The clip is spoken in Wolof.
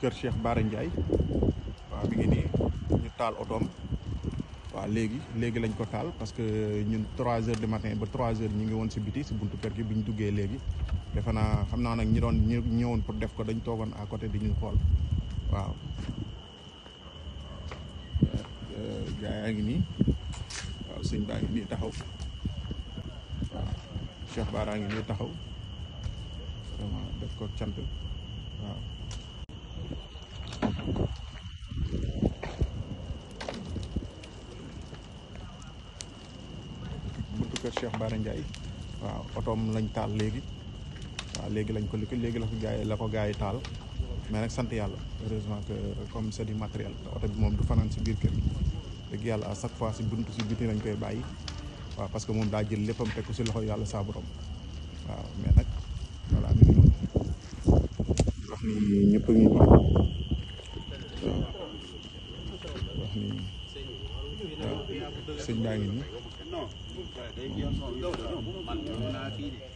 kër Cheikh Bara Ndiaye waaw mi ngi nii taal otoom waaw léegi léegi lañ ko taal parce que ñun trois heures de matin ba trois heures ñu ngi woon si biti si buntu kër gi bi ñu duggee léegi defe naa xam naa nag ñi doon ñu ñëwoon pour def ko dañ toogoon à côté di ñu xool waaw gaa yaa ngi nii waaw sëñ baa ngi nii taxaw waaw Cheikh Bara ngi nii taxaw vraiment def ko cant waaw buntu kër Cheikh Bara Ndiaye waaw otoom lañ taal léegi waaw léegi lañ ko liggéey léegi la ko gaay la ko taal mais nag sant yàlla heureusement que comme c'est du matériel oto bi moom du fanaan si biir kër gi dëgg yàlla à fois si buntu si biti lañ koy bàyyi waaw parce que moom daa jël léppam teg ko si loxo yàlla saa borom waaw mais nag voilà mi ngi noonu sëñ baa ngi nii